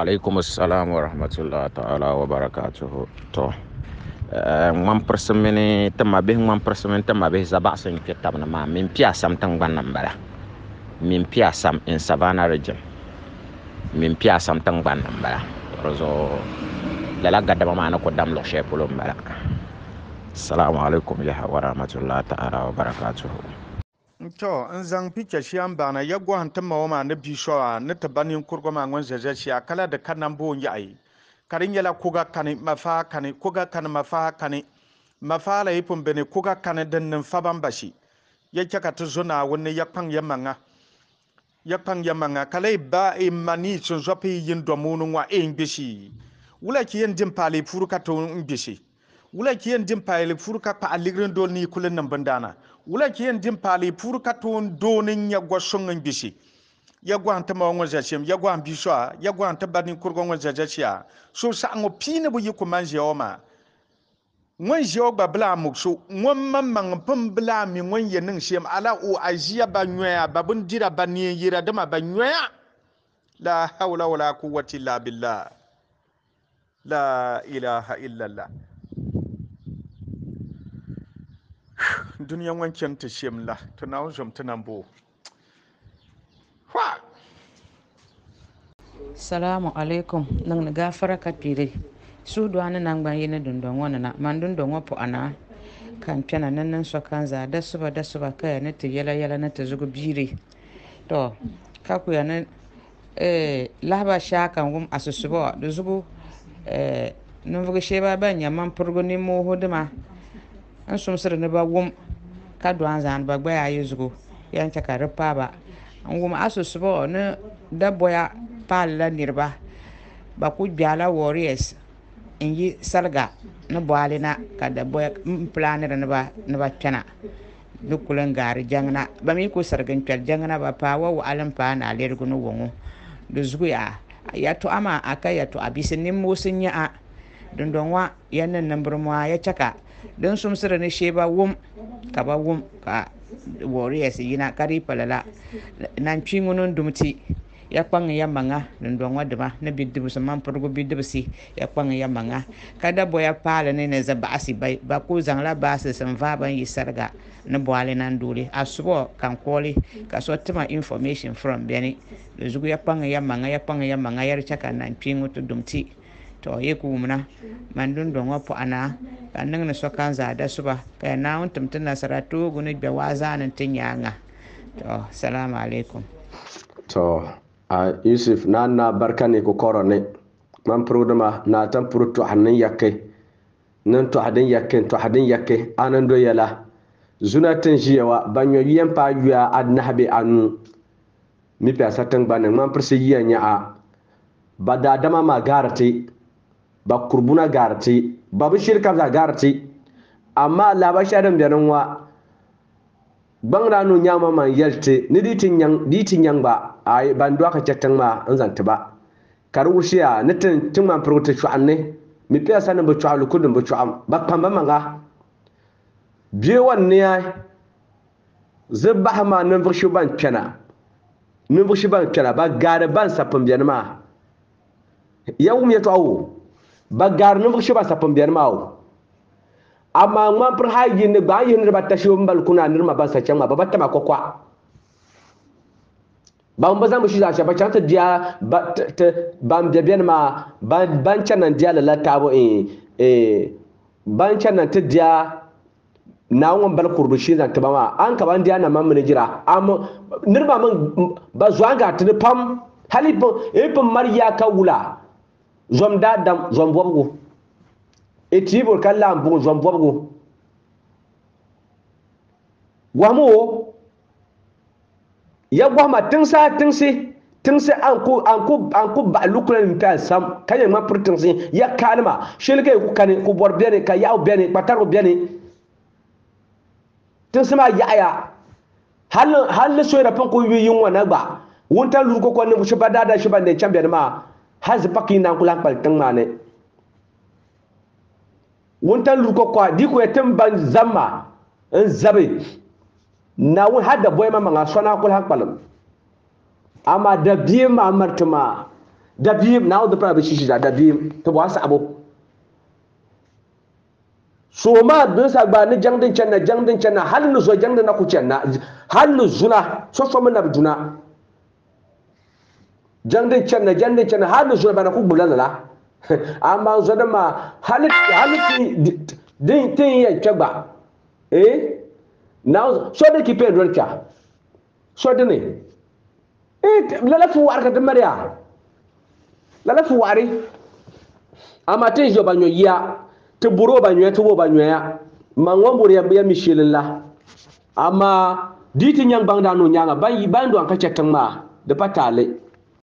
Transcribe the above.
alaikum assalamu warahmatullah taala wabarakatuhu to ŋman pirisi mini ti ma bihi ŋman pirisi mini ti ma bihi zabaɣasi n kpe tabi ni maa min piasam tingbani ni n bala min piasam in savana rijin min piasam tingbani ni n bala di lala gadama maa ni ku dam luɣu shɛli polo n bala assalamu alaikum yaha warahmatullah taala wabarakatuhu to n zaŋ picha shɛŋa n na ya gɔhim ti ma maa ni bia shɔwa ni ti ba ninkurigu maa ŋun ʒe ʒe shɛya kala di ka nam boon yaɣi ka di nyɛla koga kani mafaa kani koga kani mafaa kani mafaa la yi pun beni koga kani din nin fa ban bashi ya chɛ ka ti zo naawuni ya kpaŋ ya maŋa ya kpaŋ ya maŋa ka la yi ba i ma ni sun zɔ pi yin dɔmuuni ŋwa e n gbishi wula ki yin din paali puri ka to n gbishi wula ki yin din paali puri ka kpaɣa ligiri doli ni yi kuli niŋ bindana wula kien din pali pur ka ton donin ya gwashon bishi ya gwanta ma wangon zashem ya gwan bishwa ya gwanta badin kurgon wangon zazashiya so sa ngo pine bu yiku manje oma ngon je ogba bla mukso ngon mamman pum bla mi ngon ye ning shem ala o ajiya ba nyoya babun dira ba ni yira dama ba nyoya la hawla wala quwwata illa billah la ilaha illa allah dun wankin ta shem la to na jom ta nan bo salamu alaikum nan na gafara ka pire su do an nan gban yin dundon wona na man dundon wa ana kan pena nan nan so kan za da suba da suba ka ne ta yala yala na ta zugo biri to ka ku ya ne eh lahaba sha kan gum asusuba da zugo eh nun vugu sheba ban yamman purgo ni mo hodima an sumsir ni ba gum ka dɔŋ zaani ba gbaya ayi zuɣu yɛn chɛ ka paaba n wum asusubɔ ni daboya paalila niriba ba ku gbɛla wɔriyɛs n yi salga ni bɔɣali na ka daboya pilaaniri ni ba kpɛna di kuli n gaari jɛŋna ba mi ku sirigi n kpɛri ba paai wa waɣali n paai naalɛrigu ni wɔŋɔ di zuya yɛltɔɣa maa a ka yɛltɔɣa bisi nimmosi nyɛ a dundɔŋ wa ah, ya niŋ nimbirim waa ya chɛ ka din sumsiri ni shee ba wum ka ba wum ka warriors yina ka di pala la nan kpi ŋuni n dum ti ya kpaŋ ya maŋa dundɔŋ wa dima ni bidibsi mapirigu bidibsi ya kpaŋ ya maŋa ka boya paali ni ni za baɣasi ba ku zaŋla baasi sin vaai ban yi sariga ni bɔɣali nan dooli a subɔ kankɔɔli ka so tima information from bɛni di zugu ya kpaŋ ya maŋa ya kpaŋ ya maŋa ya di ka nan kpi ŋu ti to yi gumna man dun don wa ana kan ning ni sokan zada ba kai na un tum tin nasara to gunu be wa zanin tin yanga to assalamu alaikum to a yusuf na na barka ne ku koro ne man prodama na tan pro to hanin yakke nan to hadin yakke to hadin yakke anan do yala zuna tan jiyawa banyo yen pa yuya adnahbe anu mi pe asatan banan man prisi yiya nya a badadama magarate ba kurbuna garti ba bi shirka za garti amma laba sharam da nan wa ban rano nyama man yalte ni ditin yang ditin yang ba ai ban duwa ka chattan ma an zanta ba karu shiya ni tin tin man furuta shu anne mi fiya sanin bu chu alu kudin bu chu am ba pamba manga biye wanne ya zubba ma nan bu ban kana nan bu ban kana ba gare ban sapin biyan ma yawum ya tawo Ba gar nu fuk shoba sapam bian mau amma man fur haji ne ba yin riba ta shoba bal kuna nir ma ba sa ma ba batta ma kokwa ba mun bazan shi za shaba ta dia ban bian ma ban nan dia la ta bo eh eh ban nan ta dia na won bal kurbu shi zan taba ma an ka ban dia na man mun jira amma ba man ba zuwa ga tuni pam halipin ipin mariya ka wula zom dam zom bobgo etibor kallam bu zom bobgo gwahmu wo ya gwahma tinsa tinsi tinsi anku anku anku ba lukulan ta sam kanya ma purtinsi ya kalma shilge ku kan ku bor bene ka yaw bene patar bene tinsi ma ya ya hal hal so ra pon ku yi yin wana ba wonta lurko ko ne bu shi ba dada shi ba ne ma hazi pakina kula kpal tangmane wuntan luko kwa ya tun ban zamma in zabe na wun hada boy ma manga na kula kpalam amma da biye ma martuma da biye na da para bi shi da biye to ba sa abu so ma dun sa ba ni jangdin channa jangdin channa hal nu so jangdin na ku channa hal nu zuna so so mun na juna jangde chenne jangde chenne hadu zo bana ku bulala la amma zo da ma halit halit din tin ya chagba eh now so da ki pedro ka so da ne eh lalafu fu war ka da mariya Lalafu fu wari amma tin jo banyo ya te buro banyo te bo banyo ya won buri ya mishililla amma ditin yang bangdano nyanga ban yi ban do an kace tan ma da fatale